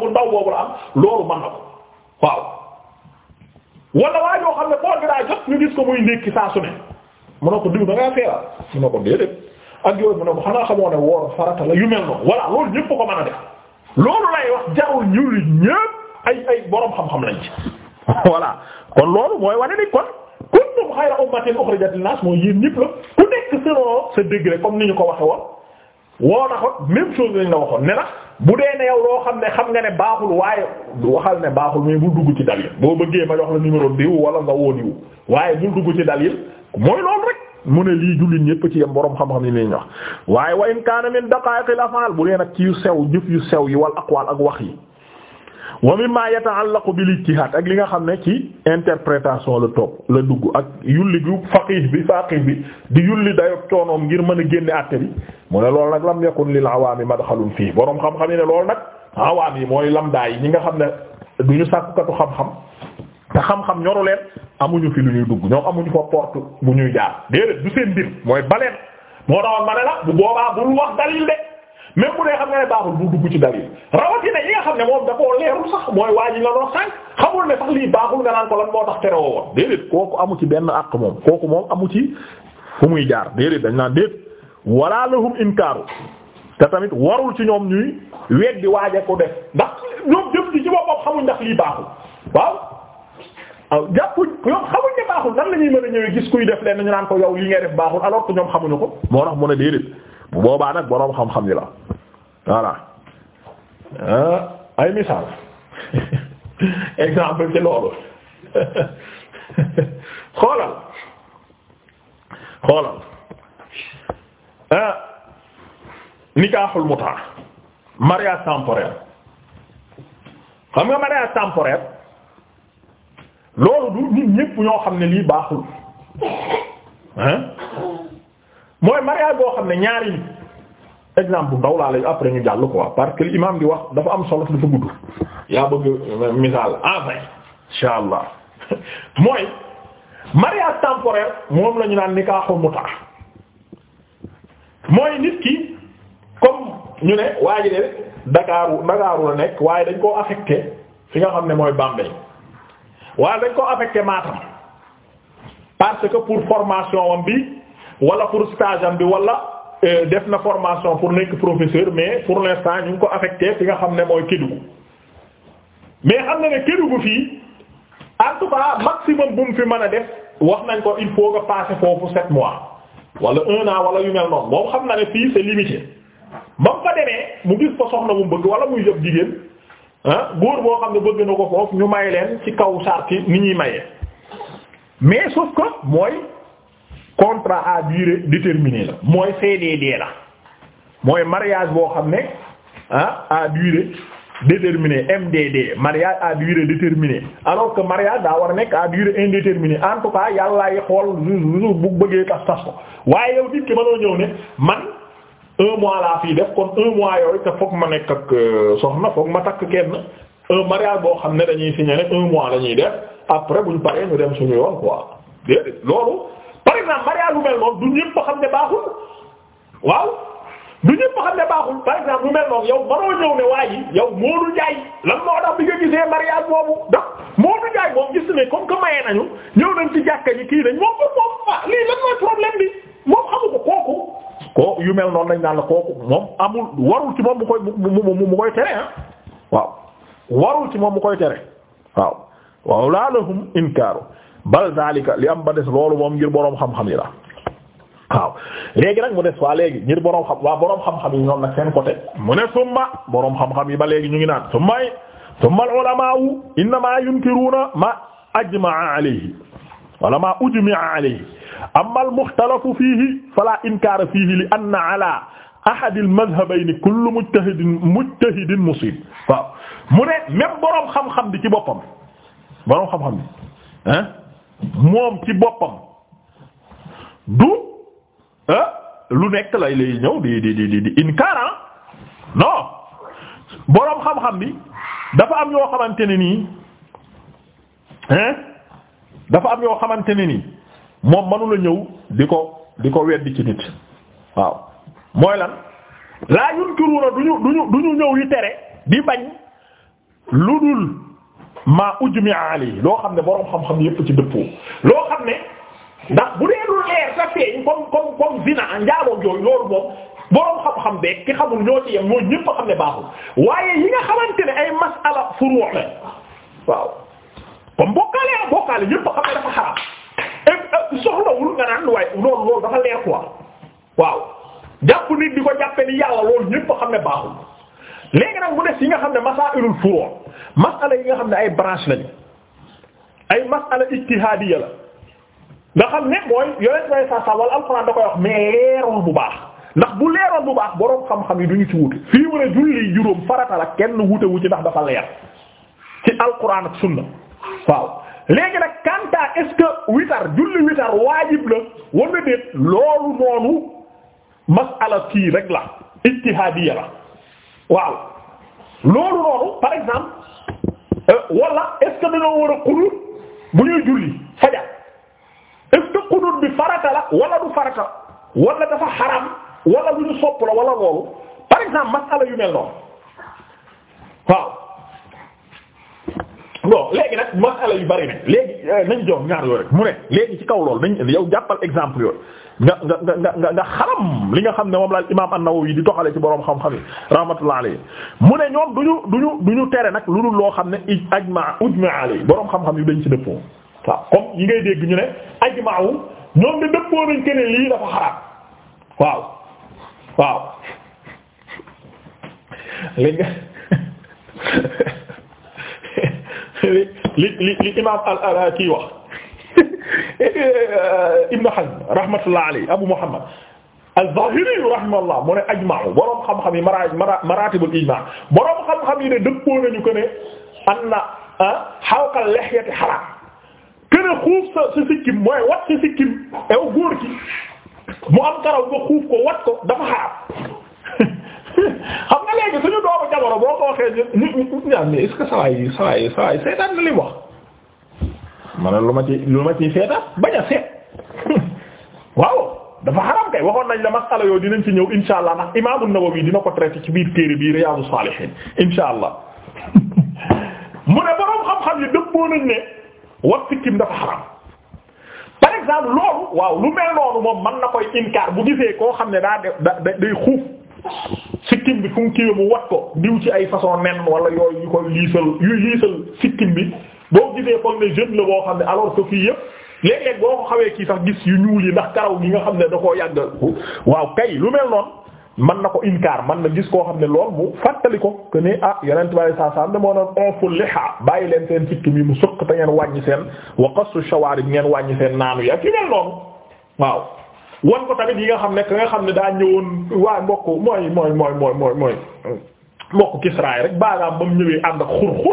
bu ndaw woowu la am loolu mën na ko waaw. wala waa yoo xam ne boor bi daa jot ñu gis ko muy ndékki saa su ne mu ne ko diw da ngaa feebar mu ko déedéet ak yooyu mu ne ko xanaa xamoo ne ko mën a def loolu lay wax ay ay borom xam-xam lañ ci voilà kon loolu mooy wane ni kon. kuntum xayra ummatin uxrijat linnaas mooy yéen ñëpp la ku nekk selon sa degré comme ni ñu ko waxe woon woo na ko même chose lañ la waxoon ne na bu dee ne yow loo xam ne xam nga ne baaxul waaye waxal ne baaxul mais bul dugg ci dalil boo bëggee ma jox la numéro diw wala nga woo diw waaye bul dugg ci dalil mooy loolu rek mu ne lii jullit ñépp ci yem boroom xam-xam ni lañ wax waaye wa in kaana min daqaa'iqil af'aal bu dee nag ci yu sew jëf yu sew yi wal aqwaal ak wax yi wa mimma yata'allaqu bil ijtihad ak li nga xam ne ci interprétation la topp la dugg ak yulli gu faqih bi faqih bi di yulli dayoog coonoom ngir mën a génne àtte bi mu ne loolu nag lam yakun lil awaami madxalun fii boroom xam-xam yi ne lool nag awaam yi mooy lam daa yi ñi nga xam ne du ñu sàkkukatu xam-xam te xam-xam ñoru amuñu fi lu ñuy dugg ñoom amuñu fa porte bu ñuy jaar déedéet du seen mbir mooy baleen moo taxoon ma la bu boobaa bul wax dalil même bu dee xam nga ne baaxul bu dugg ci dalil rawatina yi xam ne moom da leerul sax mooy waa ji la doon xaaj xamul ne sax lii baaxul nga naan ko lan moo tax tere woo woon déedéet kooku amu ci benn àq moom kooku moom amu ci fu muy jaar déedéet dañ naan déet wala lahum inkaaru te tamit warul ci ñoom ñuy weddi waaje ko def ndax ñoom jëf ci ci boppam xamuñ ndax lii baaxul waaw waaw xamuñ ne baaxul nan la ñuy a ñëwee gis kuy def leen ñu naan ko yow lii ngay def baaxul alors que xamuñu ko moo tax mu ne déedéet bu boobaa nag boroom xam yi la voilà ah, ay misaal exemple ci loolu xoolal xoolal ah, nikaaxul mutaa mariage temporaire xam nga mariage temporaire loolu du nit ñépp ñoo xam ne lii baaxul hein mooy mariage boo xam ne ñaari exemple bu ndaw laa lay après ñu jàll quoi parce que imam bi wax dafa am solo dafa gudd yaa bëgg misaal en fait insha allah mooy mariage temporaire moom la ñu naan nikaahu muta mooy nit ki comme ñu ne waa ji de Dakar Dakar la nekk waaye dañ koo affecté fi nga xam ne mooy Bambey waaye dañ koo affecté Matam parce que pour formation wam bi wala pour stage bi wala euh, def na formation pour nekk professeur mais pour l'instant ñu ngi ko affecté fi nga xam ne mooy Kédougou mais xam na ne Kédougou fii en tout cas maximum bu mu fi mën a def wax nañ ko il faut nga passer foofu sept mois wala un an wala yu mel noonu xam na ne fii c'est limité ba mu fa demee mu gis ko soxna mu bëgg wala muy jëf jigéen ah góor boo xam ne bëgg na ko foofu ñu may leen ci kaw sarti ni ñuy mayee mais sauf que contrat à durée déterminée la mooy CDD la mooy mariage boo xam ne ah à durée déterminée MDD mariage à durée déterminée alors que mariage daa war a nekk à durée indéterminée en tout yàlla yi xool toujours bu bëggee tas tas ko waaye yow nit ki mënoo ñëw ne man un mois laa fii def kon un mois yooyu te foog ma nekk ak euh, soxna foog ma takk kenn un mariage boo xam ne dañuy signé ne un mois la def après buñ paree ñu dem suñu yoon quoi déedéet loolu. par exemple mariage bu mel noonu du ñëpp xam ne baaxul waaw du ñëpp xam ne baaxul par exemple bu mel noonu yow mënoo ne waa ji yow Modou Ndiaye lan moo tax bi nga gisee mariage boobu ndax Modou Ndiaye ne comme que nañ ci jàkka ji kii nañ moom moom moom ah lii lan mooy problème bi moom xamu ko kooku. kooku yu mu koy mu mu ah. ci moom mu koy tere waaw waaw laa lahum inkaaru bal zalika li am ba des loolu moom ngir boroom xam-xam yi la waaw léegi nag mu des waa léegi ngir boroom xam waa boroom xam-xam yi ñoom nag seen côté mu ne summa boroom xam-xam yi ba léegi ñu ngi naan summa yi summa al ulama innama yunkiruna ma ajmaa alayhi wala ma ujmi'a alayhi amma al mukhtalafu fihi fala inkara fihi li anna ala ahad al madhhabayn kullu mujtahidin mujtahidin musib waaw mu ne même boroom xam-xam bi ci boppam boroom xam-xam bi ah moom ci boppam du euh, lu nekk lay lay ñëw di di di di inkaara ah. non boroom xam-xam bi dafa am yoo xamante ne nii dafa am yoo xamante ni nii moom mënu la ñëw di ko di ko weddi ci nit waaw mooy lan laa yunkiruuna duñu duñu duñu ñëw yi tere di bañ lu dul maa ujmi alayhi loo xam ne boroom xam-xam yépp ci dëppoo loo xam ne ndax bu dee lu leer sa feeñ comme comme comme zina njaaloo yooyu loolu xam-xam beeg ki xamul ñoo ci yem ñoo a xam ne baaxul waaye yi nga xamante ne ay masala furu' la waaw comme bokkaale ak bokkaale ñépp a xam ne dafa xaraam soxlawul nga naan waaye loolu loolu dafa leer quoi waaw jàpp nit di ko jàppe ni yàlla loolu ñépp a xam ne baaxul léegi nag mu des yi nga xam ne masaa'ilul furu' masala yi nga xam ne ay branche lañu ay masala ijtihaadiya la nga xam ne mooy yonent way sa sa alxuraan da koy wax mais leerul bu baax ndax bu leeroon bu baax boroom xam-xam yi duñu ci wute fii mu ne julli juróom farata la kenn wute wu ci ndax dafa leer ci alxuraan ak sunna waaw léegi nag kanta est-ce que witar julli witar waajib la wala déet loolu noonu masala kii rek la ijtihaadiya la waaw loolu noonu par exemple Euh, wala est ce que dañoo war a xunut bu ñuy julli fajar est ce bi farata la wala du farata wala dafa xaram wala lu ñu sopp la wala loolu par exemple masala yu mel noonu waaw bon léegi nag masala yu bari na léegi euh, nañ jox ñaar yooyu rek mu ne léegi ci kaw loolu nañ yow jàppal exemple yooyu nga nga nga nga nga xaram li nga xam ne moom la imaam an yi di toxale ci boroom xam-xam yi rahmatullah alayhi mu ne ñoom duñu du ñu tere nag lu dul loo xam ne ajma ujma alayhi boroom xam-xam yu dañ ci dëppoo waaw comme yi ngay dégg ñu ne ajma wu ñoom de dëppoo nañ keneen lii dafa xaram waaw waaw li nga li li li imaam al kii wax Ibn Hazm rahmatullah alayhi Abu Muhammad az-Zahiri rahimahullah mu ne ajma'u boroom xam-xam yi mara maratibul ijma' boroom xam-xam yi ne dëppoo nañu ko ne anna hawqa ah, lihyati haram kene xuuf sa sa sikkim mooy wat sa sikkim ew góor ki mu am karaw nga xuuf ko wat ko dafa xaram xam nga léegi suñu doomu jamono boo ko waxee ñu ñu ñu est-ce que saa yi saa yi saa yi seetaan na li wax. ma lu ma ci lu ma ciy seeta bañ a seet waaw dafa xaram kay waxoon nañ la masala yooyu dinañ ci ñëw insha allah ndax imaamu Nawawi dina ko traité ci biir téere bi Riyaadu Saalihiin insha allah mu ne boroom xam-xam yi dëppoo nañ ne wax sikkim dafa xaram par exemple loolu waaw lu mel noonu moom man na koy inkaar bu gisee koo xam ne daa de day xuuf sikkim bi fu mu kiiwee mu wat ko diw ci ay façon nen wala yooyu yu koy liisal yuy liisal sikkim bi boo gisee foog ne jeune la boo xam ne alors que fii yëpp boo ko xawee kii sax gis yu ñuul yi ndax karaw gi nga xam ne da koo yàgg waaw kay lu mel noonu mën na ko inkaar man na gis koo xam ne lool mu fàttali ko que ne ah yenent bale saa sam da moo noon onfu liha bàyyi leen seen fikki mi mu sëq te ngeen wàññi seen wa qasu shawarib ngeen wàññi seen naanu yi ak yu mel noonu waaw wan ko tamit yi nga xam ne ka nga xam ne daa ñëwoon waaye mbokk mooy mooy mooy mooy mooy mooy mbokk kisraay rek baagaam ba mu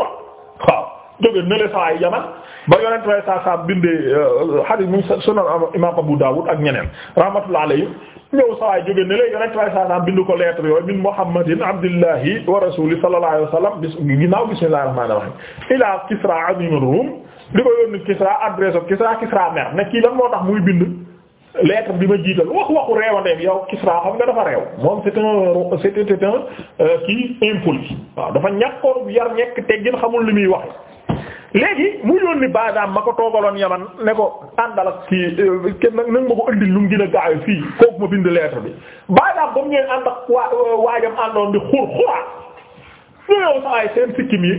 jóge nële sawaay yaman ba yonent way saa saa bindee euh, hadith mu sunan imam Abu Dawud ak ñeneen rahmatullah alayhi ñëw sawaay jóge nële yonent way saa saa bind ko lettre yooyu min Muhammadin abdillahi wa rasuli sallallahu bis ginnaaw bismillahir rahmanir rahim ila Kisra azimur Rum li ko yónni Kisra mer ne kii lan moo tax muy bind lettre bi ma jiital wax waxu réewandeem yow Kisra xam nga dafa réew moom c'est un c'était un euh, kii impoli waaw dafa ñàkkoon li muy wax léegi mu yónni baadaam ma ko toogaloon yaman ne ko àndal kii euh, kenn nag ma ko ëndil lu mu gën a gaaw fii kooku ma bind lettre bi baadaam ba mu ñëwee ànd ak waa euh, waajam àndoon di xur xura ñëw sa ay seen sikkim yi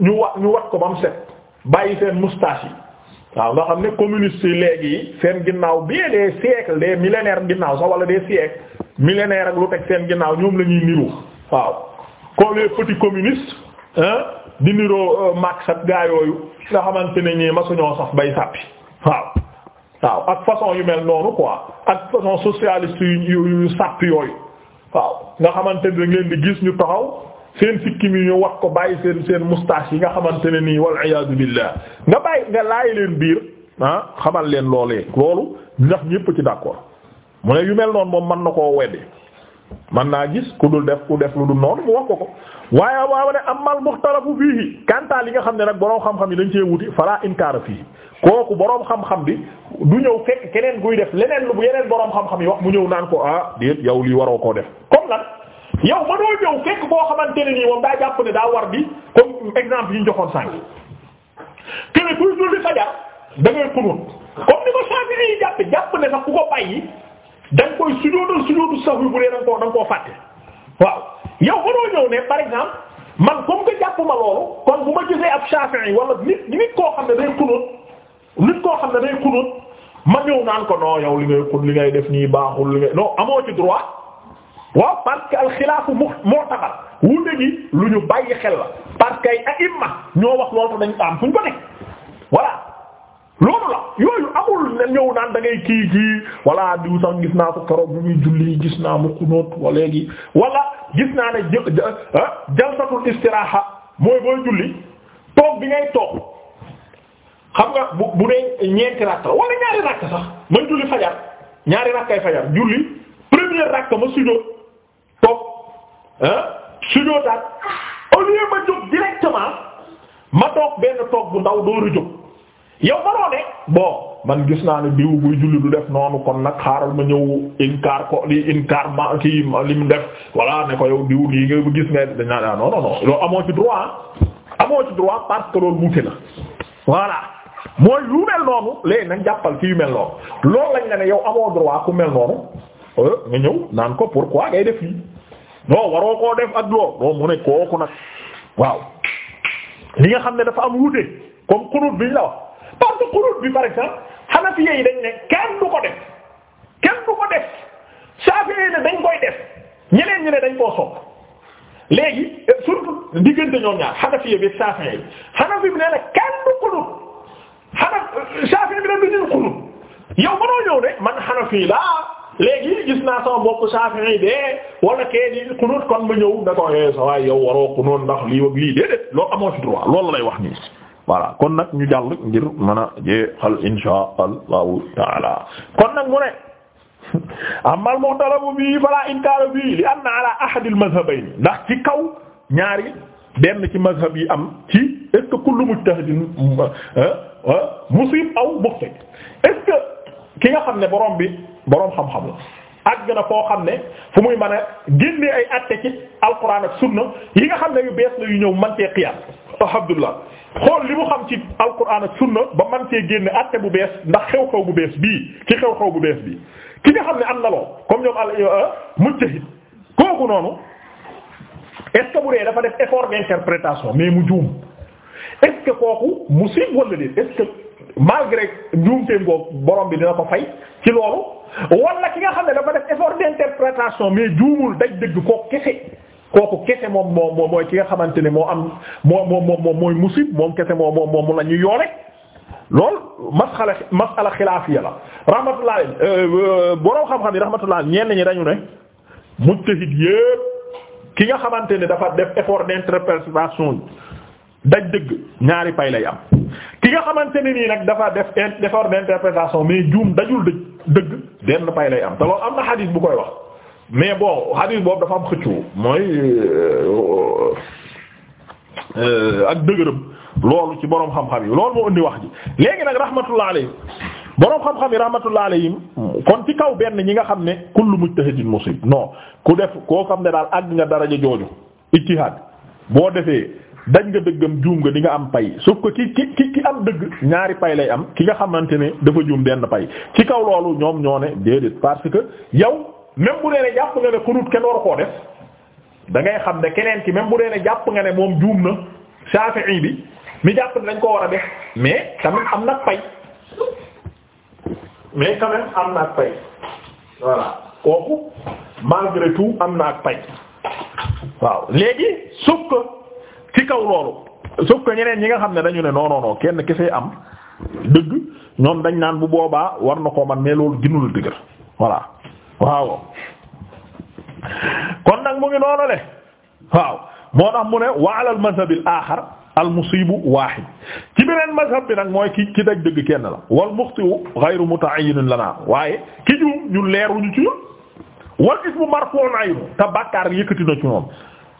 ñu wa ñu wat ko ba mu set bàyyi seen moustache waaw nga xam ne communiste yi léegi seen ginnaaw bi des siècles des millénaires ginnaaw sax wala des siècles millénaires ak lu teg seen ginnaaw ñoom lañuy ñuy niru waaw comme les petits communistes di niroo euh, max ak gaa yooyu nga xamante ne ñii masuñoo sax bay sàppi waaw waaw ak façon yu mel noonu quoi ak façon socialiste yu yu sàpp yooyu waaw nga xamante ne ngeen di gis ñu taxaw seen sikkim yi ñu wax ko bàyyi seen seen moustache yi nga xamante ne nii wal iyaadu billah nga bàyyi nga laay leen biir ah xamal leen loolee loolu ndax ñépp ci d'accord mu ne yu mel noonu moom mën na ko weddi man naa gis ku dul def ku def lu dul noonu mu wax ko ko waaye waaw ne amal muxtalafu fiihi kanta li nga xam ne nag boroom xam-xam yi dañ cee wuti fala inkaara fii kooku boroom xam-xam bi du ñëw fekk keneen kuy def leneen lu bu yeneen boroom xam-xam yi wax mu ñëw naan ko ah déet yow lii waroo koo def comme lan yow ma doo ñëw fekk koo xamante ne nii moom daa jàpp ne daa war bi comme exemple yi ñu joxoon sànq kene kuy julli fajar da ngay da nga koy sujjóotal sujjóotu sahwi bu dee da nga koo da fàtte waaw yow waroo ñëw ne par exemple man comme que jàpp ma loolu kon bu ma gisee ab Shafi'i wala nit nit koo xam ne day kunut nit koo xam ne day kunut ma ñëw naan ko non yow li ngay kun li ngay def nii baaxul li ngay non amoo ci droit waaw parce que alxilaafu mu'tabar wuute gi lu ñu bàyyi xel la parce que ay a'imma ñoo wax loolu dañ ko am fu ko nekk voilà. loolu la yooyu amul ñëw naan da ngay kii kii walla diw sax gis naa ko keroog bi muy julli gis naa mu xunóot wa léegi wala gis naa ne ah jalsatul istiraaha mooy booy julli toog bi ngay toog xam nga bu bu dee ñeenti rakk la wala ñaari rakk sax man julli fajar ñaari rakkay fajar julli première rakk ma sujjóot toog ah sujjóotaat au ma jóg directement ma toog benn toog bu ndaw dooru jóg. yow manoo ne bon man gis naa ne diw bu julli du def noonu kon nag xaaral ma ñëw inkaar ko li inkaar ma kii li mu def voilà ne ko yow diw lii gis nga dañ naa ah, non non non loolu amoo ci droit amoo ci droit parce que loolu wuute la voilà. mooy lu mel noonu léegi nañ jàppal ci yu noonu loolu lañ la ne yow amoo droit ku mel noonu euh, nga ñëw naan ko pourquoi ngay def lii non waroo koo def ak loolu non mu ne kooku nag waaw li nga xam ne dafa am wuute comme xunut bi ñu la parce que xunut bi par exemple Hanafi yi dañ ne kenn du ko def kenn du ko def Shafi'i yi dañ koy def ñeneen ñu ne dañ koo léegi eh, surtout diggante ñoom ñaar Hanafi yi bi Shafi'i Hanafi bi ne la kenn du xunut Hanafi eh, Shafi'i bi ne du yow mënoo ñëw ne man Hanafi laa léegi gis naa sama bopp Shafi'i de wala kee di kon ma ñëw da ko eh, sa waay yow waroo xunut ndax lii ak lii déedéet loolu amoo ci droit loolu lay wax nii voilà kon nag ñu jàll ngir mën a jeexal insha taala kon nag mu ne amal muhtalabu bii fala inkaaru bii li anna ahad al madhhabayn ndax ci kaw ñaari benn ci madhhab yi am ci est-ce que kullu euh, euh, aw muxtaj est ki nga xam ne boroom bi borom xam-xam la àgg na foo xam ne fu muy mën a génnee ay atte ci alquran ak sunna yi nga xam ne yu bees la yu ñëw man cee xiyaas alhamdulilah xool li mu xam ci alquran ak sunna ba man kee génne àtte bu bees ndax xew-xew bu bees bii ci xew-xew bu bees bii ki nga xam ne am na loo comme ñoom al euh, mujtahid kooku noonu est ce que dee dafa def effort d'interprétation mais mu juum est ce que kooku musib wala déet est ce que malgré njuumteem boobu bi dina ko fay ci loolu wala ki nga xam ne dafa def effort d'interprétation mais juumul daj dëgg kooku kese. kooku kese moom moom moom mooy ki nga xamante ni moo am moo moom moom moom mooy musib moom kese moom moom moom la ñu yoole lool masala masala xilaafiya la rahmatullah euh, euh, borom xam-xam yi rahmatullah ñenn ñi dañu ne mujtahid yépp ki nga xamante ne dafa def effort d'interprétation yi daj dëgg ñaari pay lay am ki nga xamante ni nii nag dafa def effort d'interprétation mais juum dajul dëgg dëgg benn pay lay am te loolu am na xadiis bu koy wax mais bon hadith boobu dafa am xëccoo mooy euh, euh, ak dëgërëm loolu ci boroom xam-xam yi loolu moo indi wax ji léegi nag rahmatullah alayhi boroom xam-xam yi rahmatullah yi kon ci kaw benn ñi nga xam ne kullu mujtahidin musib non ku def koo xam ne daal àgg nga daraja jooju ijtihad boo defee daj nga dëggam juum nga di nga am pay sauf que ki ki ki am dëgg ñaari pay lay am ki nga xamante ne dafa juum benn pay ci kaw loolu ñoom ñoo ne déedéet parce que yow même bu dee ne jàpp nga ne xudut kenn war ko def da ngay xam ne keneen ki même bu dee ne jàpp nga ne moom juum na Shafi'i bi mi jàpp ne dañ ko war a def mais tamit am nag pay mais quand am na ak pay kooku malgré tout am na ak pay waaw léegi sauf que ci kaw loolu sauf ko ñeneen ñi nga xam ne dañu ne non non non kenn kese am dëgg ñoom dañ naan bu boobaa war na koo man mais loolu gënul dëgër voilà waaw kon nag mu ngi noonu le waaw moo tax mu ne wa ala al mazhab al axar al musibu wahid beneen mazhab bi nag mooy ki ki daj dëgg kenn la wal muxtiu ghayru muta'ayyin lana waaye ki juum ñun leeruñu ci ñun wal ismu marfu'un aynu te bàkkaar yëkkati na ci ñoom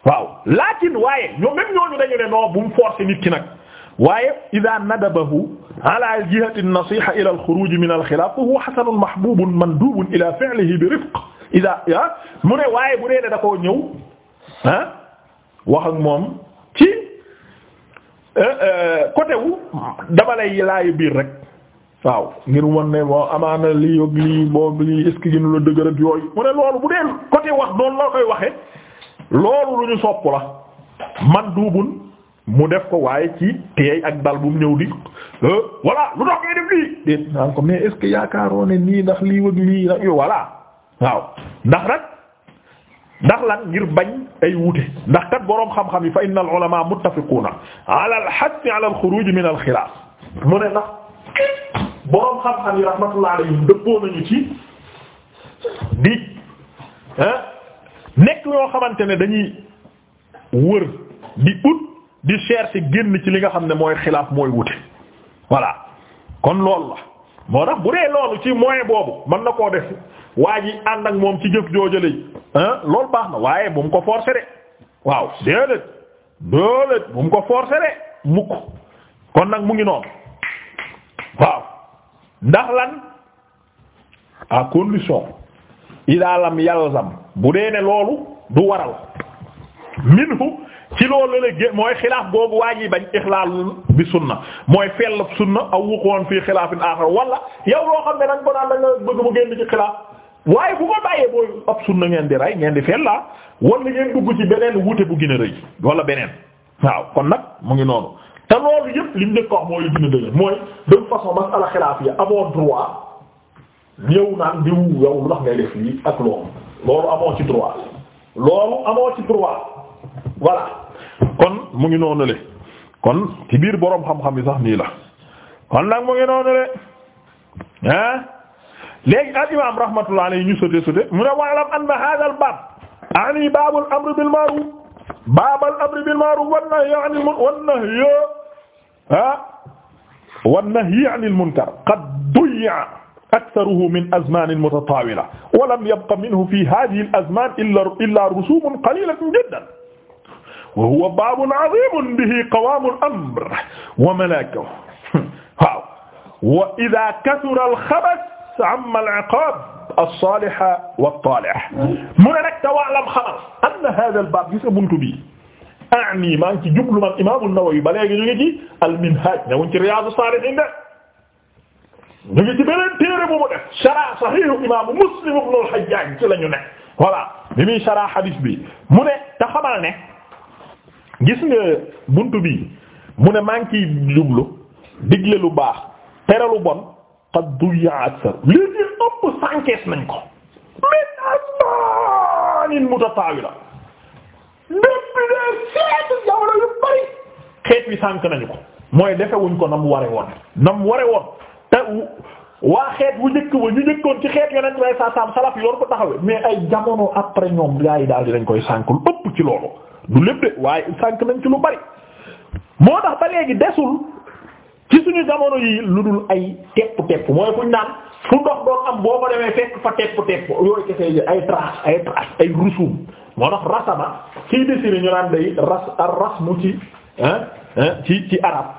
waaw lakin waaye ñoom même ñooñu dañu ne non bu mu forcer nit ki nag. waaye ida nadabahu ala jihati nasiha ila alxuruj min alxilaaf fa huwa xasanun mahbubun mandubun ila fi'lihi bi rifq ida ah mu ne waaye bu dee da koo ñëw ah wax ak moom ci eh, eh, côté wu dama lay laayu biir rek waaw ngir won ne bon amaana lii yog lii boobu lii est-ce que gënu la dëgër ak yooyu mu ne loolu bu dee côté wax doonu la koy waxe loolu lu ñu sopp la mandubun mu def ko waaye ci teey ak dal bu ñëw di euh, voilà lu dox ngay def lii déet naan ko mais est-ce nii ndax lii wëg lii nag waaw ndax nag ndax lan ngir bañ ay wuute ndax kat boroom xam-xam yi fa inna al ulama muttafiquna ala al hadd ala al xuruj min al xilaaf mu ne ndax boroom xam-xam yi rahmatullah alayhim dëppoo nañu ci di nekk yoo xamante ne dañuy wër di ut di chercher génn ci li nga xam ne mooy xilaaf mooy wute voilà kon loolu la moo tax bu dee loolu ci moyen boobu mën na koo def waa ji ànd ak moom ci jëf joojale ah loolu baax na waaye bu mu ko forcer de waaw déedéet déedéet bu mu ko forcer de mukk kon nag mu ngi noonu waaw ndax lan à condition idaalam yalzam bu dee ne loolu du waral minhu ci loolu la gé mooy xilaaf boobu waa ji bañ ixlaal bi sunna mooy fell sunna aw wuqoon fii xilaafin aaxar wala yow loo xam ne nag ko naan da nga bëgg mu génn ci xilaaf waaye bu ko bàyyee booy ab sunna ngeen di rey ngeen di fell la ah, wala ngeen dugg ci beneen wuute bu gën a rëy wala beneen waaw kon nag mu ngi noonu te loolu yëpp li mu njëkk wax mooy gën a dëgg mooy de façon masala xilaaf yi amoo droit ñëw naan diw yow lu tax ngay def lii ak loolu ci droit loolu kon mu ngi noonu le kon ci biir boroom xam-xam yi sax nii la kon nag mu ngi noonu le ah léegi al imam rahmatullah alayhi ñu sote sote mu ne waalam anna hadha al bab ani babul amr bil ma'ruf babal amr bil ma'ruf wan nahyi anil wan nahyi ah wan nahyi anil munkar qad duya aktaruhu min azmaanin mutataawila wa lam yabqa minhu fi haadihil azmaan illaa illaa rusuumun qaliilatun jiddan wa huwa baabun aziimun bihi qawaamul amr wa malaakahu waaw wa idhaa kathura al-khabas amma al-iqaab as-saalih wat-taalih mu ne nag tawaalam xamal anna haadha al-baab gis nga buntu bi ani maa ngi ci jublu man Imaam an-Nawawi ba léegi ñu ngi ci al-Minhaaj ne wuñ ci Riyaadu Saalihiin de ñu ngi ci beneen téere bu mu def sharh Sahiih Imaam Muslim ibn al-Hajjaaj ci la ñu ne voilà bi muy sharh hadiis bi mu ne te xamal ne. gis nga bunt bi mu ne maa ngi ciy jublu digle lu baax tere lu bon qad duya aksar li ci ëpp sànkees nañ ko min asmanin mutatawila déppi dee seetu jawla yu bari xeet wi sànk nañu ko mooy defewuñ ko nam ware woon nam ware woon te waa xeet bu njëkk ba ñu njëkkoon ci xeet yonent way sa sam salaf yor ko taxawe mais ay jamono après ñoom gaa yi daal dinañ koy sànk lu ëpp ci loolu du lépp de waaye sànk nañ ci lu bari moo tax ba léegi desul ci suñu jamono yi lu dul ay tepp tepp mooy fuñ naan fu ndox doon am boo ko demee fekk fa tepp tepp yooyu kese yi ay trace ay trace ay rusum moo tax rasama kiy desini ñu naan day ras ar rasmu ci ci ci arab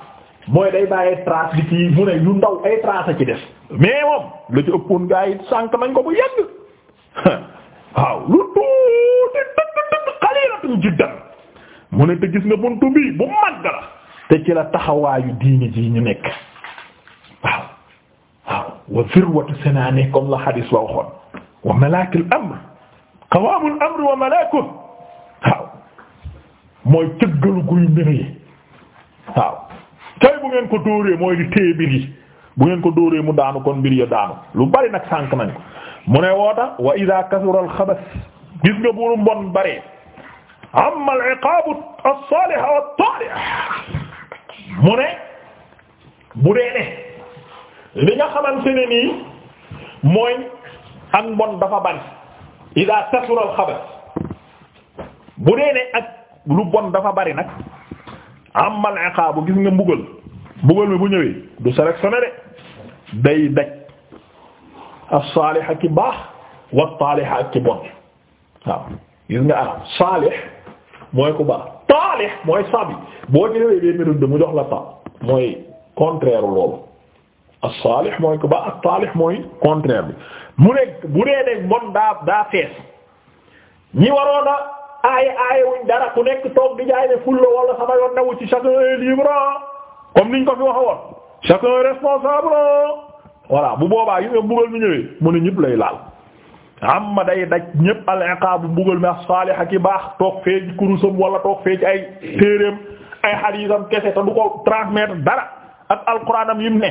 mooy day bàyyee trace bi ci mu ne yu ndaw ay trace a ci des mais moom la ci ëppoon gaa yi sànq nañ ko bu yàgg waaw lu tuuti dëgg-dëgg xaliilatun jiddan mu ne te ji ñu nekk waaw waaw wa firwatu sanaani comme la xadis ba waxoon wa malaakil amr qawaamul amr wa malaakuhu waaw mooy cëggalu guy mbir yi ngeen ko dóoree mooy bu ngeen ko mu daanu kon mbir ya lu bari nag sànq nañ ko mu ne woota wa ida kasural xabas gis nga bu mbon bari amma mu dee ne li nga xamante ne nii mooy ak mbon dafa bari ida kasural xabas bu dee ne ak lu bon dafa bari nag amma al iqab gis nga mbugal mbugal mi bu ñëwee du sélectionné de day daj as-saalih ak ki baax wat-taalih ak ki bon waaw gis nga arab mooy ku baax taalih mooy sabi boo ñëwee bee la ta mooy contraire loolu as-saalih mooy ku baax at mooy contraire mu ne bu dee de bon daa daa fees ñi waroona aaye aaye wuñ ku nekk toog di jaay ne fulla sama yoon newu ci chacun est libre comme niñ ko fi waxee woon chacun responsable voilà bu boobaa yi nga mbugal mi ñëwee mu ne ñëpp lay laal amma day daj ñëpp al iqaab bu mbugal mi as ak i baax toog fee ci kurusam toog fee ci ay téereem ay xadiisam kese te du ko transmettre dara ak alquranam yim ne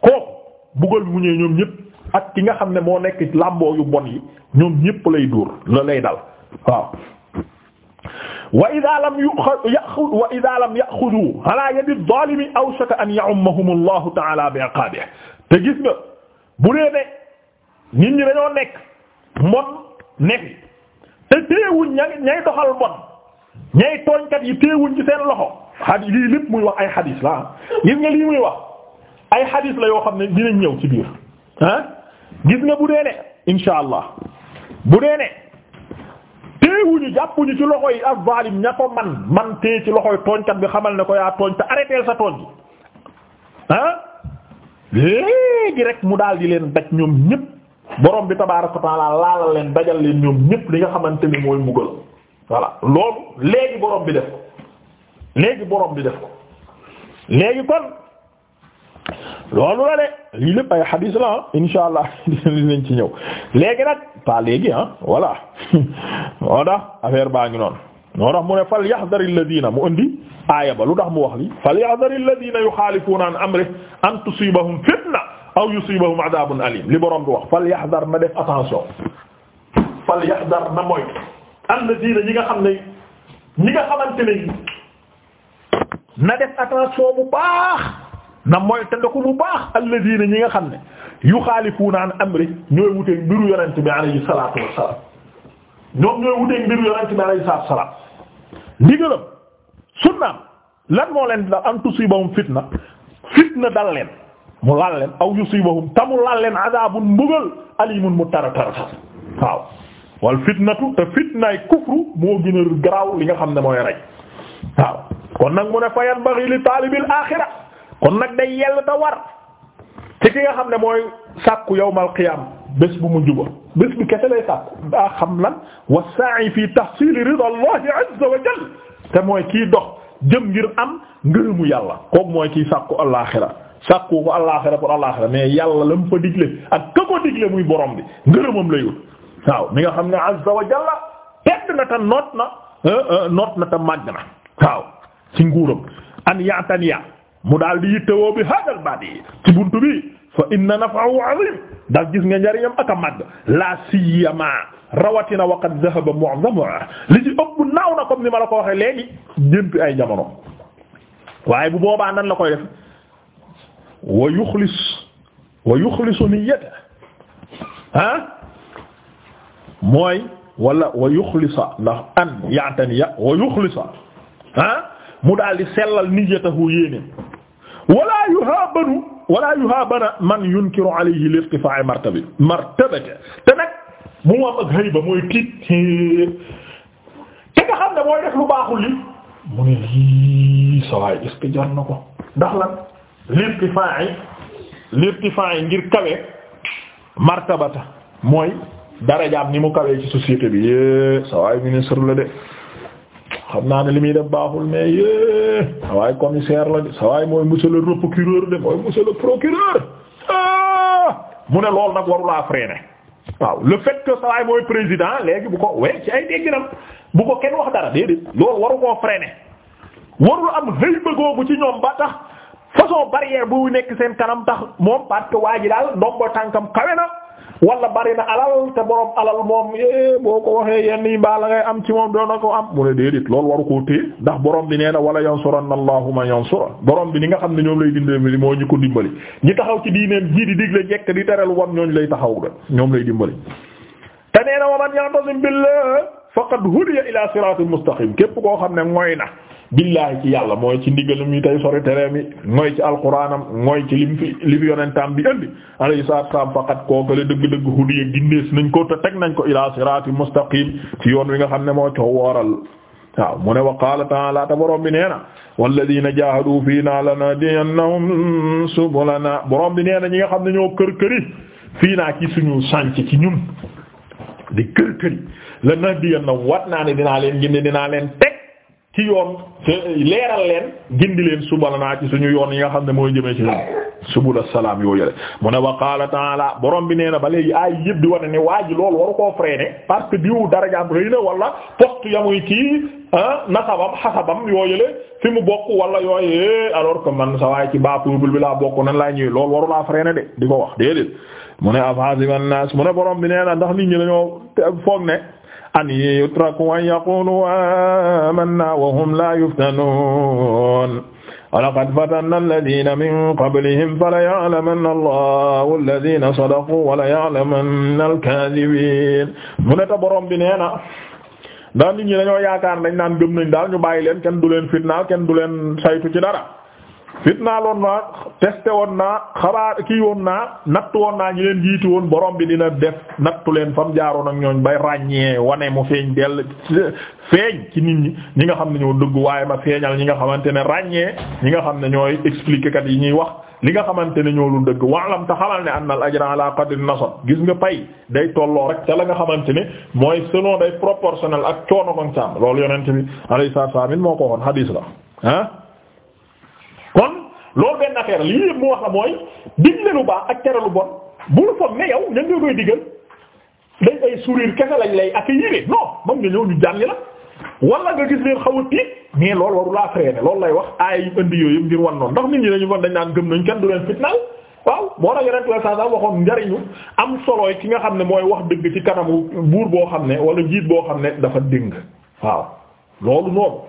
kooku mbugal mu ñëwee ñoom ñëpp ak ki nga xam ne moo nekk làmboo yu bon yi ñoom ñëpp lay dóor la lay dal waaw wa idha lam yu'khadhu wa idha lam ya'khudhu ala yadi adh-dhalimi awshaka an ya'ummahum Allahu ta'ala bi'iqabihi te gis nga bu dee ne nit ñi dañoo nekk mbon nekk te teewuñ ña ñay doxal mbon ñay tooñkat yi teewuñ ci seen loxo xadis lii lépp muy wax ay xadis la ah gis nga lii muy wax ay xadis la yoo xam ne dinañ ñëw ci biir ah gis nga bu dee ne insha allah bu dee ne téewuñu jàppuñu ci loxo yi az-zalim ña ko man man téye ci loxoy tooñkat bi xamal ne ko yaa tooñ te sa tooñ léegi rek mu daal di leen daj ñoom ñépp borom bi tabaaraka wa taala leen dajal leen ñoom ñépp li nga xamante ni mooy mbugal voilà loolu léegi borom bi def ko léegi borom bi def ko léegi kon loolu la de lii lépp ay xadiis la ah insha allah dinañ ci ñëw léegi nag pas léegi ah voilà moo tax affaire baa ngi noonu moo tax mu ne fal yahdari alladina mu indi aaya ba lu tax mu wax li fal yahdari alladina yuxaalifuuna an amri an tusibahum fitna aw yusibahum adabun alim li borom bi wax fal yahdar na def attention fal yahdar na mooy alladina ñi nga xam ne ñi nga xamante ne na def attention bu baax na mooy te ko bu baax alladina ñi nga xam ne yuxaalifuuna an amri ñooy wuteeg mbiru yonent bi alayhi salaatu wassalaam ñoom ñooy wuteeg mbiru yonent bi alayhi salaatu wassalaam ndigalam sunnaam lan moo leen dal an tusibahum fitna fitna dal leen mu laal leen aw yusibahum ta mu laal leen adaabun mbugal alimun mu tara tara waaw wal fitnatu te fitnaay kufru moo gën garaaw li nga xam ne mooy rey waaw kon nag mu ne fa yanbaghi li taalibil aaxira kon nag day yell da war ci ki nga xam ne mooy sàkku yawmal qiyaam bés bu mu juba bés bi kese lay sàkku daa xam lan wa sa'i fi tahsil rida Allah azza wa jalla te mooy kii dox jëm ngir am ngërëmu yàlla kooku mooy kii sàkku alaaxira sàkku ko alaaxira pour alaaxira mais yàlla la mu fa digle ak ka digle muy borom bi ngërëmam lay wut waaw mi nga xam ne azza wa jalla tedd na ta noot na euh, euh, noot na ta màgg na waaw ci nguuram an yaataniya mu daal di yittewoo bi hadal badi ci buntu bi fa inna naf'ahu 'azim ndax gis nga njariñam ak a màgg la siyama rawatina wa qad dhahaba mu'zamuha li ci ëpp naaw na comme ni ma la ko waxee léegi jëmpi ay jamono waaye bu boobaa nan la koy def wa yuxlis wa yuxlisu niyyata ah mooy wala wa yuxlisa ndax an ya'taniya wa yuxlisa ah mu daal di sellal niyyatahu yéenéem walaa yuhaabanu walaa yuhaabana man yunkiru alayhi lirtifaa'i martabi martabate te nag mu mu am ak hayba mooy tiit te nga xam ne mooy def lu baaxul li mu ne lii sawaay est-ce que jar na ko ndax lan lirtifaa'i lirtifaa'i ngir kawe martabata mooy darajaam ni mu kawee ci société bi yée sawaay ministre la de xam naa ne li muy def baaxul mais yée sa waay commissaire la de mooy monsieur le procureur de mooy ah! mu ne lool nag warulaa freiner waaw le fait que sa waay mooy président léegi bu ko we ci ay dégginam bu ko kenn wax dara déedéet loolu waru koo freiner warul am xëy bëggoogu ci ñoom ba tax façon barrière bu nekk seen kanam tax moom parce que waa ji daal ndombo tànkam kawe na wala bari na alal te borom alal moom boo ko waxee yenn yi baa la ngay am ci moom doon a ko am mu ne déedéet loolu waru koo téye ndax borom bi nee na wala yansuranna allahu man yansura borom bi ni nga xam ne ñoom lay dimbali moo ñu ko dimbali ñi taxaw ci diineem ji di digle jekk di teral won ñooñu lay taxaw de ñoom lay dimbali te nee na wa man ya'tasim billah faqad hudiya ila siratin mustaqim képp koo xam ne mooy na billaahi ci yàlla mooy ci ndigalam yi tey sori tereem yi mooy ci alquranam mooy ci lim fi li fi yonentam bi indi alayhi salaatu wa salaam faqat kooku la dëgg-dëgg hudiya gindees nañ ko te teg nañ ko ila siraati mustaqim ci yoon wi nga xam ne moo coow wooral waaw mu ne wa qaala ta'aala ta borom bi nee na naa jaahadu fiinaa lanahdiyannahum subulanaa borom bi nee ñi nga xam ne ñoo kër këri fii naa ci suñu sànc ci ñun di kër këri lanahdiyannahum naa ne dinaa leen gindi ci yoon leeral leen gindi leen subalanaa ci suñu yoon yi nga xam ne mooy jëmee ci subul asalaam yoo yële mu ne wa qaala taala borom bi nee na ba léegi di wane ne waa ji loolu waru koo freiner parce que diw darajaam rëy na wala poste yamuy kii ah, nasabam xasabam yoo yële fi mu bokk wala yooye alors que man sa waaye ci baa peuple bi laa bokk nan laa ñëwee loolu waru laa freiner de di ko wax déedéet mu ne avance man naas mu ne borom bi nee na ndax nit ñi dañoo ne an yutraku wa yaqulu amanna wa hum la yuftanun walaqad fatanna alladina min qablihim falaya'lamanna allahu alladina sadaqu walaya'lamanna alkadibin mu ne ta borom bi nee na ndax nit ñi dañoo yaakaar dañ naan gëm nañ daal ñu bàyyi leen kenn du leen fitnaal kenn du leen saytu ci dara fitnaaloon naa testé woon naa xabaar kii woon naa nattu woon naa ñi leen jiitu woon boroom bi dina def nattu leen fa mu jaaroon ak ñooñ bay ràññee wane mu feeñ dell feeñ ci nit ñi ñi nga xam ne ñoo dëgg waaye ma feeñal ñi nga xamante ne ràññee ñi nga xam ne ñooy expliquer kat yi ñuy wax li nga xamante ne ñoo lu dëgg waalam te xamal ne annal ajra ala qadri nasab gis nga pay day tolloo rek ca la nga xamante ne mooy selon day proportionnel ak coono ko nga loolu yonent bi alayhi salaam moo ko waxoon hadis la ah kon loolu benn affaire lii yëpp mu wax la mooy digle lu baax ak tere lu bon bul foog ne yow ñan nga koy digal dañ ay sourire kese lañ lay accueillir non moom nga ñëw ñu jànni la wala nga gis leen xaw a tiit loolu waru laa freiné loolu lay wax aay yu indi yooyu ngir wan noonu ndax nit ñi dañu wan dañ naan gëm nañ kenn du leen fitnaal waaw moo tax yeneen la saa waxoon njariñu am solo ki nga xam ne mooy wax dëgg ci kanamu buur boo xam ne wala jiit boo xam ne dafa dëng waaw loolu noonu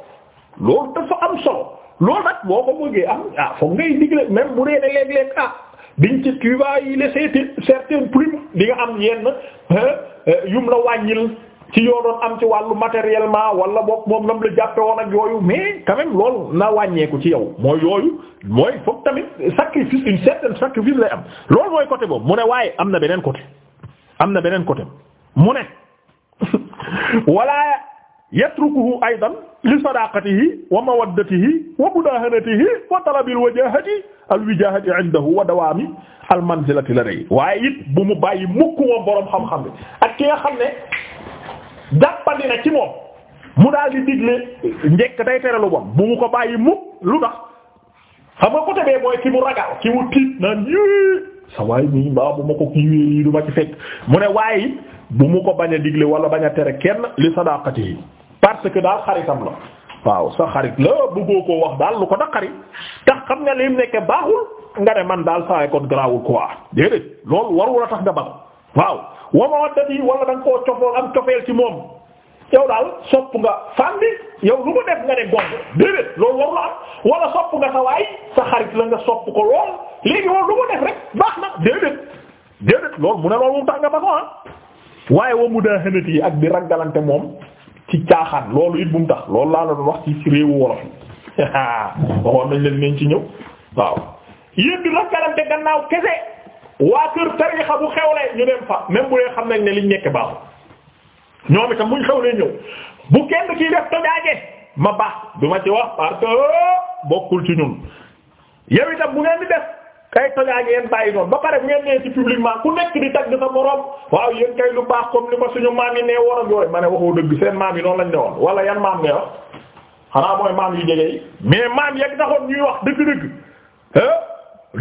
loolu am solo. loolu nag boo ko bëggee am ah foog ngay digle même bu dee ne léeg-léeg ah biñ ci tu vas y laisser certaines plumes di nga am yenn euh, yum la wàññil ci yoo am ci wàllu matériellement wala boog moom nam la jàppe woon ak yooyu mais quand même loolu na wàññeeku ci yow mooy yooyu mooy foog tamit sacrifice une certaine sacrifice lay am loolu mooy côté boobu mu ne waaye am na beneen côté am na beneen côté mu ne wala yatrukuhu aydan li sadaqatihi wa mawaddatihi wa mudahanatihi wa talabil wajahati al wijahati indahu wa dawami al manzilati ladayhi waaye it bu mu bàyyi mukk moom boroom xam-xam ne ak ki nga xam ne jàppandi na ci moom mu daal di digle njekk day tere lu bon bu mu ko bàyyi mukk lu tax xam nga ko bee mooy ki mu ragal ki mu tiit naan yii sa mii mbaa bu ma ko kiiwee yi du ma ci fekk mu ne waaye it bu mu ko bañ a digle wala bañ a tere kenn li sadaqatihi parce que daal xaritam la waaw sa xarit la bëggoo koo wax daal lu ko naqari tax xam nga lim nekke baaxul nga ne man daal saa kon garaawul tax nga waaw wa koo cofoo am ci moom yow daal sopp nga fànn yow ko def déedéet loolu waru la am sopp nga sa waay sa xarit la nga sopp ko lool léegi loolu lu ko def rek baax na déedéet déedéet loolu mu ne loolu tax nga ba ko ah waaye wa mudaahanati ak di ragalante moom ci caaxaan loolu it bu mu tax loolu laa la du wax ci réewu wolof yi waxoon nañ leen nañ ci ñëw waaw yéen di lëkkalante gannaaw kese waa kër tariixa bu xewlee ñu dem fa même bu dee xam nañ ne liñ nekk baaxul ñoom itam buñ xewlee ñëw bu kenn kii def tojaaje ma baax du ci wax parce oh, bokkul ci ñun yow bu ngeen di def. kay tojaa ngeen bàyyi noonu ba pare ngeen nee ci publiquement ku nekk di tagg sa morom waaw yéen kay lu baax comme ni ma suñu maam yi nee woon ak yooyu ma ne waxoo dëgg seen maam yi noonu lañ ne woon wala yan maam ne wax xanaa mooy maam yu jege yi mais maam yegg taxoon ñuy wax dëgg-dëgg ah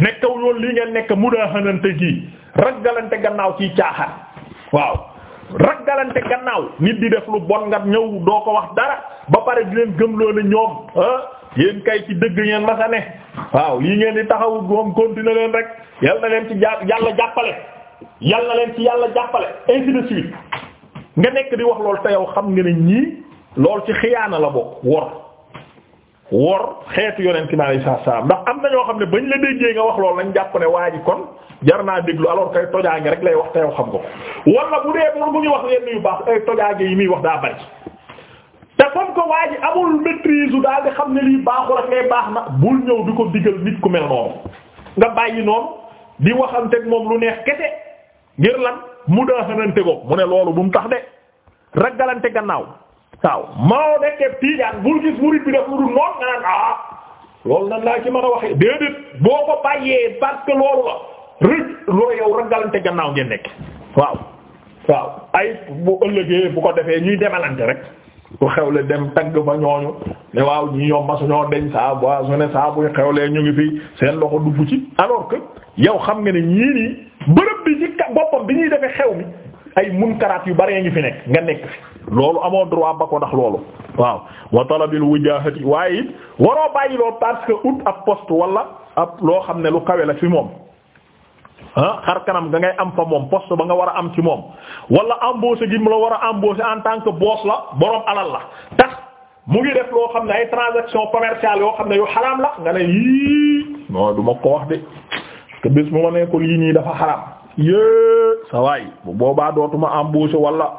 nekkul woon lii ngeen nekk mu daa xanante gi raggalante gannaaw ci caaxaan waaw raggalante gannaaw nit di def lu bon nga ñëw doo ko wax dara ba pare di leen gëmloo ne ñoom yéen kay ci dëgg ngeen masa ne waaw lii ngeen di taxawu moom continuer leen rek yal na leen ci yàlla jàppale yal leen ci yàlla jàppale ainsi nga nekk di wax lool te yow xam nga ne ñii lool ci xiyaana la bokk wor wor xeetu yonent mi saa salaam ndax am na ñoo xam ne bañ la déggee nga wax loolu lañ jàpp ne waa ji kon jar naa déglu alors kay tojaange rek lay wax te xam nga ko wala bu dee bu ñu wax yenn yu baax ay eh, tojaange yi muy wax daa comme que waa ji amul maîtrise daal di xam ne lii baaxul ak ngay baax na bul ñëw di ko digal nit ku mel noonu nga bàyyi noonu di waxam waxanteeg moom lu neex kese ngir lan mu daa xanante ko mu ne loolu bu mu tax de raggalante gannaaw waaw moo nekkee tiijaan bul gis murid bi def lu dul noonu nga naan ah loolu nan laa ci mën a waxee déedéet boo ko bàyyee parce que loolu la rëj loolu yow raggalante gannaaw ngeen nekk waaw waaw ay bu ëllëgee bu ko defee ñuy demalante rek ku xewle dem tagg fa ñooñu ne waaw ñi ñoom ma ñoo deñ saa ba su ne saa xew lee ñu ngi fi seen loxo dugg ci alors que yow xam nga ne ñii nii bërëb bi ci boppam bi ñuy defee xew mi ay munkaraat yu bëree ngi fi nekk nga nekk fi loolu amoo droit ba ko ndax loolu waaw wa talabil wujahati waaye it waroo bàyyi loolu parce que ut ab poste wala ab loo xam ne lu kawe la fi moom ah xar kanam ga ngay am fa moom poste ba nga war a am ci moom wala embauché gi mu la war a embauché en tant que boss la borom alal la tax mu ngi def loo xam ne ay transaction commerciale yoo xam ne yu xaraam la nga ne yii non du ma ko wax de te bés bu ma nee ko lii nii dafa xaraam yee sa waay boobaa dootuma embauché wala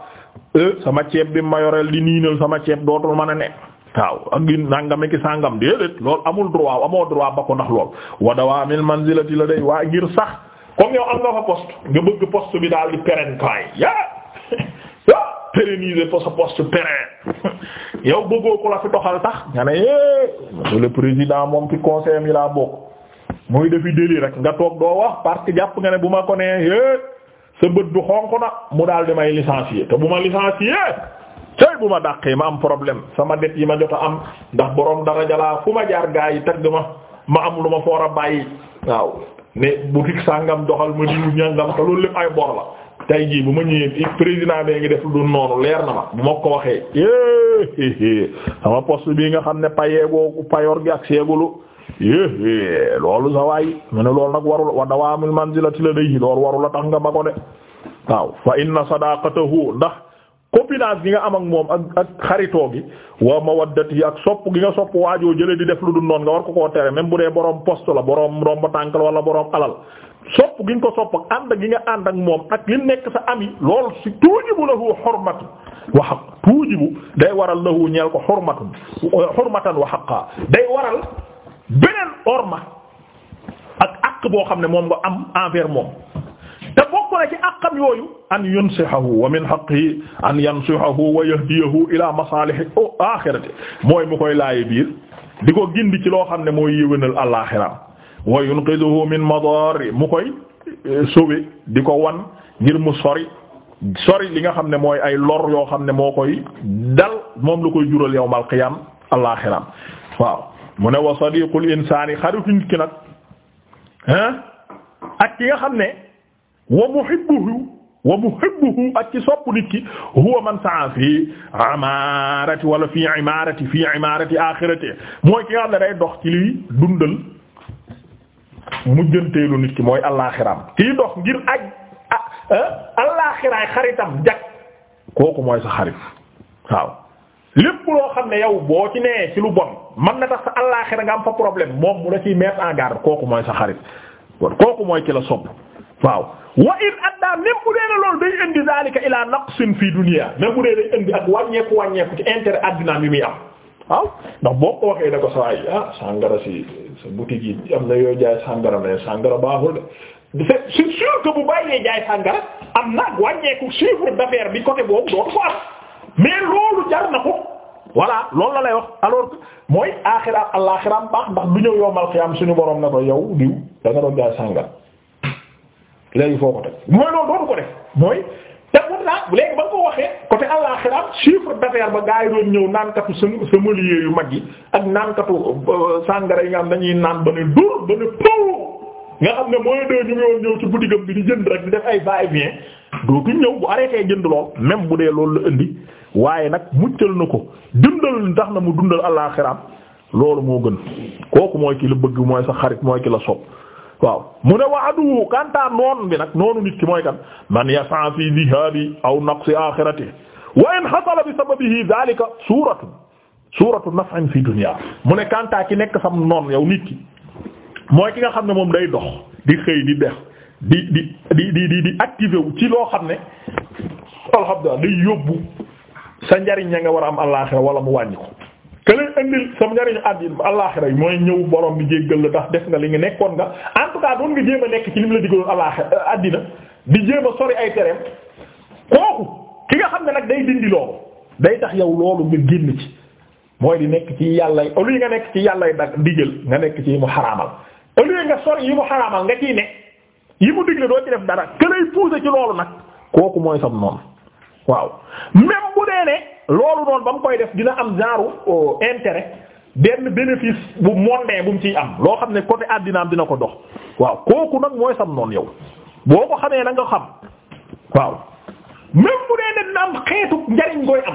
eh sama ceeb bi ma yoreel di niinal sama ceeb dootul mën a ne. waaw ak gi nàngame ki sàngam déedéet loolu amul droit amoo droit ba ko ndax ngir sax. comme yow am nga fa poste nga bëgg poste bi daal di pérenne kaay yaa yaa pérenniser fa sa yow bëggoo ko la fi doxal tax nga ne eh le président moom ci conseil mi laa bokk mooy defi déli rek nga toog doo wax parce que jàpp nga ne bu ma ko nee eh, sa bët du xonq na mu daal di may licencier te bu ma licencier tey bu ma dàqee ma am problème sama det yi ma jot a am ndax borom daraja laa fu ma jaar gaa yi tagg ma ma am lu ma foor a bàyyi waaw. ne boutique sàngam doxal ma diw ñangam te loolu lépp ay bor la tey jii bu ma ñëwee président bee ngi def lu noonu leer na ma bu ma ko waxee éé sama poste bii nga xam ne payeegoo payoor gi ak seegulu loolu sa waay mu ne loolu nag warul wa dawaamul manzilati la day loolu warul la tax nga ma ko de waaw fa inna sadaqatahu ndax copinage gi nga am ak moom ak ak xaritoo gi wa ma yi ak sopp gi nga sopp waajoo jële di def lu du noonu nga war ko koo tere même bu dee boroom poste la boroom romba tànk la wala boroom alal sopp gi nga ko sopp ak ànd gi nga ànd ak moom ak li nekk sa ami loolu si tuujibu lahu xormatu wa xaq tuujibu day waral lahu ñeel ko xormatun xormatan wa xaqa day waral beneen orma ak àq boo xam ne moom nga am envers moom te bokk na ci àqam yooyu an yunsihahu wa min haqqihi an yansihahu wa yahdiyahu ila masalihi akhirati mooy mu koy laaye di ko gindi ci loo xam ne mooy yéwénal àllaxira wa yunqiduhu min madari mu koy eh, sauver di ko wan ngir mu sori sori li nga xam ne mooy ay lor yoo xam ne moo koy dal moom lu koy jural yawmal qiyam àllaxiraam waaw mu ne wa sadiqul insani xaritu nit ki nag hein ak ki nga xam ne wa muhibbuhu wa muhibbuhu ak ci sopp nit ki man sa'a fi imarati wala fi ki nga ne day nit ki mooy allaaxiram kii dox ngir aj ah, ah, allaaxiraay xaritam mooy sa xarit waaw lépp loo xam ne yow boo ci nee ci lu bon man nga am fa problème moom mu la ciy mettre en garde kooku mooy sa xarit kooku mooy ki la sopp waaw wa in adda même bu dee loolu day indi zalika ila naqsin fi dunya même bu dee day indi ak wàññeeku wàññeeku ci intérêt addinaa mi muy am waaw ndax boo ko waxee da ko saa yi ah sangara si sa boutique yi am na yoo jaay sangara mais sangara baaxul de c'est sûr que bu bàyyee jaay sangara am na wàññeeku chiffre d'affaires bi côté boobu dootu ko am mais loolu jar na ko voilà loolu la lay wax alors mooy aaxiraat allaaxiraam baax ndax du ñëw yowmal xiyaam suñu borom na ko yow diw da nga léegi foo ko teg mooy loolu doonu ko def mooy te pourtant léegi ba nga ko waxee côté àllaxira chiffre ba gaa yi doon ñëw naankatu sommelier yu mag yi ak naankatu euh, sàngara yi nga xam dañuy naan ba ne dur ba ne pow nga xam ne mooy dee ñu ngi woon ñëw ci boutique bi di jënd rek di def ay va-et-vient dootuñ ñëw bu arrêté jënd lool même bu dee loolu la indi waaye nag muccal na ko dundal tax na mu dundal àllaxira loolu moo gën kooku mooy ki la bëgg mooy sa xarit mooy ki la waaw mu ne wa aduwu kantaa noon bi nag noonu nit ki mooy kan man yas'a fi dhihaabi aw naqsi aaxirati wa in hasala bi sababihi dhalika suuratu suuratu naf'in fi dunya mu ne kantaa ki nekk sam noon yow nit ki mooy ki nga xam ne moom day dox di xëy di dex di di di di di di activé wu ci loo xam ne alhamdulillah day yóbbu sa njariñ ña nga war a am àllaxira wala mu wàññi ko que lay indil sam njariñu àddina àllaaxira mooy ñëw borom bi jéggal la tax def nga li nga nekkoon nga en tout cas doon nga jéem a nekk ci lim la digaloon àllaaxira euh, àddina di jéem a sori ay tereem kooku ki nga xam ne nag day dindi loolu day tax yow loolu nga génn ci mooy di nekk ci yàlla au lieu nga nekk ci yàlla yi nag digal nga nekk ci yi mu xaraamal au lieu nga sori yi mu xaraamal nga kii ne yi mu digle doo ci def dara que lay pousser ci loolu nag kooku mooy sam noonu. waaw même bu dee ne loolu noonu ba mu koy def dina am genre euh, intérêt benn bénéfice bu mondee bu mu ciy am loo xam ne côté àddinaam dina ko dox waaw kooku nag mooy sam noonu yow boo ko xamee na nga xam waaw même bu dee ne dina am xeetu njariñ koy am